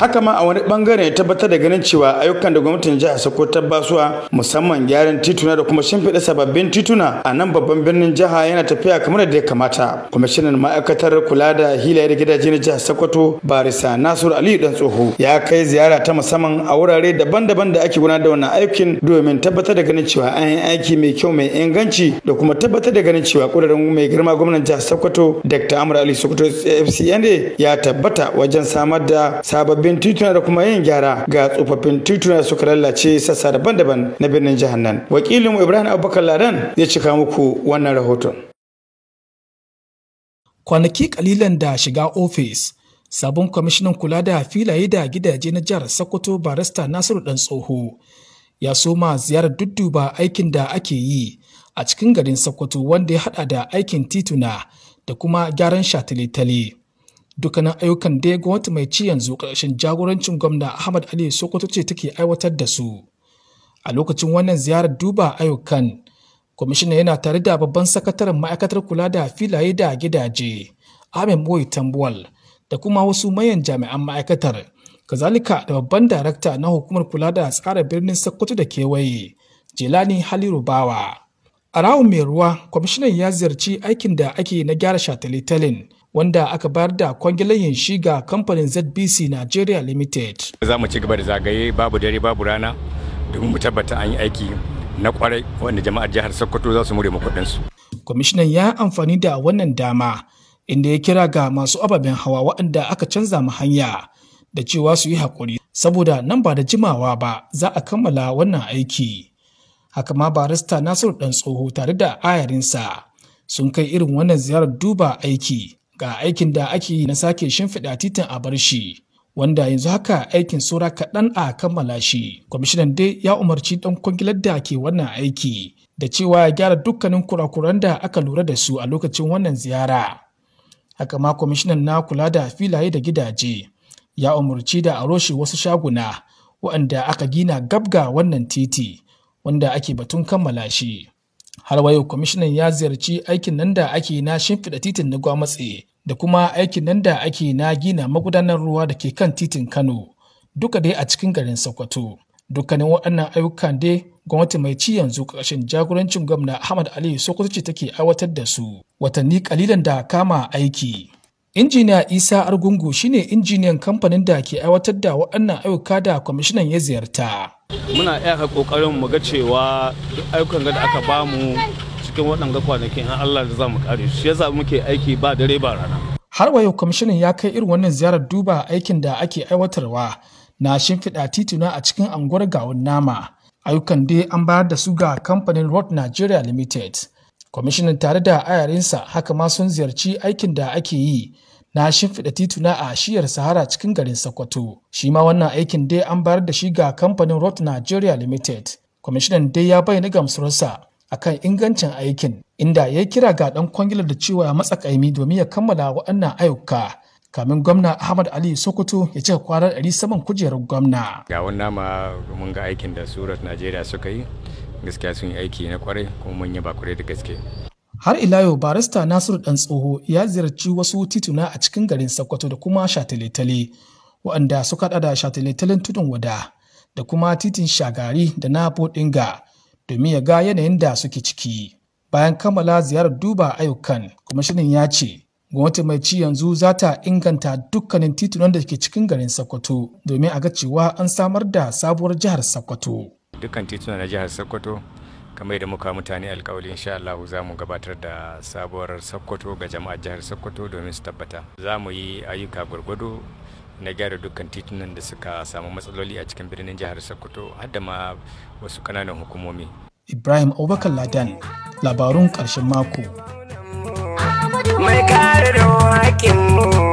haka ma a wani bangare ya tabbatar da ganin cewa ayyukan da gwamnatin jihar Sokoto ta basuwa musamman gyaran tituna da kuma shimfiɗa sababbin tituna a nan babban birnin jiha yana tafiya kamar da ya kamata kwamishinan ma'aikatar kula da hila da gidaje na jihar Sokoto Barisa Nasiru Aliyu dan tsoho ya kai ziyara ta musamman a wurare daban-daban da ake gudanar da wannan aikin domin tabbatar da ganin cewa an yi aiki mai kyau mai inganci da kuma tabbatar da ganin cewa kudirin mai girma gwamnan jihar Sokoto Dr. Amr Ali Sokoto FCNA ya tabbata wajen samar da sababbin sabbin tituna da kuma yin gyara ga tsofaffin tituna da suka lalace sassa daban-daban na birnin jihar nan wakilin ibrahim abubakar ladan ya cika muku wannan rahoton kwanaki kalilan da shiga ofis sabon kwamishinan kula da filaye da gidaje na jihar sokoto barista nasiru dan tsoho ya soma ziyarar dudduba aikin da ake yi a cikin garin sokoto wanda ya hada da aikin tituna da kuma gyaran shataletale dukkanin ayyukan da gwamnati mai ci yanzu ƙarshen jagorancin gwamna ahmad ali sokoto ce take aiwatar da su a lokacin wannan ziyarar duba ayyukan kwamishina yana tare da babban sakataren ma'aikatar kula da filaye da gidaje amin boy tambuwal da kuma wasu mayan jami'an ma'aikatar kazalika da babban darakta na hukumar kula da tsara birnin sokoto da kewaye jelani haliru bawa a rawun mai ruwa kwamishinan ya ziyarci aikin da ake na gyara shatalitalin wanda aka bayar da kwangilayin shi ga kamfanin ZBC Nigeria Limited. Za mu ci gaba da zagaye babu dare babu rana domin mu tabbata an yi aiki na kwarai wanda jama'ar jihar Sokoto za su kuɗin su. Kwamishinan ya amfani da wannan dama inda ya kira ga masu ababen hawa waɗanda aka canza mu hanya da cewa su yi haƙuri saboda nan ba da jimawa ba za a kammala wannan aiki. Haka ma barista Nasiru Ɗan Tsoho tare da ayarinsa sun kai irin wannan ziyarar duba aiki ga aikin da ake yi na sake shimfiɗa titin a bar shi wanda yanzu haka aikin sura kaɗan a kammala shi kwamishinan dai ya umarci ɗan kwangilar da ke wannan aiki da cewa ya gyara dukkanin kurakuran da aka lura da su a lokacin wannan ziyara haka ma kwamishinan na kula da filaye da gidaje ya umarci da a roshe wasu shaguna waɗanda aka gina gabga wannan titi wanda ake batun kammala shi har wayo kwamishinan ya ziyarci aikin nan da ake na shimfiɗa titin na gwamatse da kuma aikin nan da ake na gina magudanar ruwa da ke kan titin Kano duka dai a cikin garin Sokoto. Dukkanin waɗannan ayyukan dai gwamnati mai ci yanzu ƙarshen jagorancin gwamna Ahmad Aliyu Sokoto ce take aiwatar da su watanni kalilan da kama aiki. Injiniya Isa Argungu shine injiniyan kamfanin da ke aiwatar da waɗannan ayyuka da kwamishinan ya ziyarta. Muna iya ƙoƙarin mu ga cewa duk ayyukan da aka bamu cikin waɗanda kwanakin an Allah da za mu kare shi yasa muke aiki ba dare ba rana. Har wa yau kwamishinan ya kai irin wannan ziyarar duba aikin da ake aiwatarwa na shimfiɗa tituna a cikin anguwar gawun nama. Ayyukan dai an bayar da su ga kamfanin Road Nigeria Limited. Kwamishinan tare da ayarinsa haka ma sun ziyarci aikin da ake yi na shimfiɗa tituna a shiyar Sahara cikin garin Sokoto. Shi ma wannan aikin dai an bayar da shi ga kamfanin Road Nigeria Limited. Kwamishinan dai ya bayyana gamsuwarsa akan ingancin aikin inda ya kira ga ɗan kwangilar da cewa ya matsa kaimi domin ya kammala waɗannan ayyuka kamin gwamna ahmad ali sokoto ya cika kwanar ɗari saman kujerar gwamna ga wani nama mun ga aikin da surat najeriya suka yi gaskiya sun yi aiki na kwarai kuma mun yi ba da gaske har ila yau barista nasiru dan tsoho ya ziyarci wasu tituna a cikin garin sokoto da kuma shataletale waɗanda suka haɗa da shataletalen tudun wada da kuma titin shagari da na bodinga domin ya ga yanayin da suke ciki. Bayan kammala ziyarar duba ayyukan, kwamishinan ya ce, gwamnati mai ci yanzu za ta inganta dukkanin titunan da ke cikin garin Sokoto domin a ga cewa an samar da sabuwar jihar Sokoto. Dukkan titunan na jihar Sokoto kamar da muka mutane alkawali insha Allah za mu gabatar da sabuwar Sokoto ga jama'ar jihar Sokoto domin su tabbata. Za mu yi ayyuka gwargwado na gyara dukkan titunan da suka samu matsaloli a cikin birnin jihar sokoto har da ma wasu kananan hukumomi ibrahim abubakar ladan labarun karshen mako mai kare da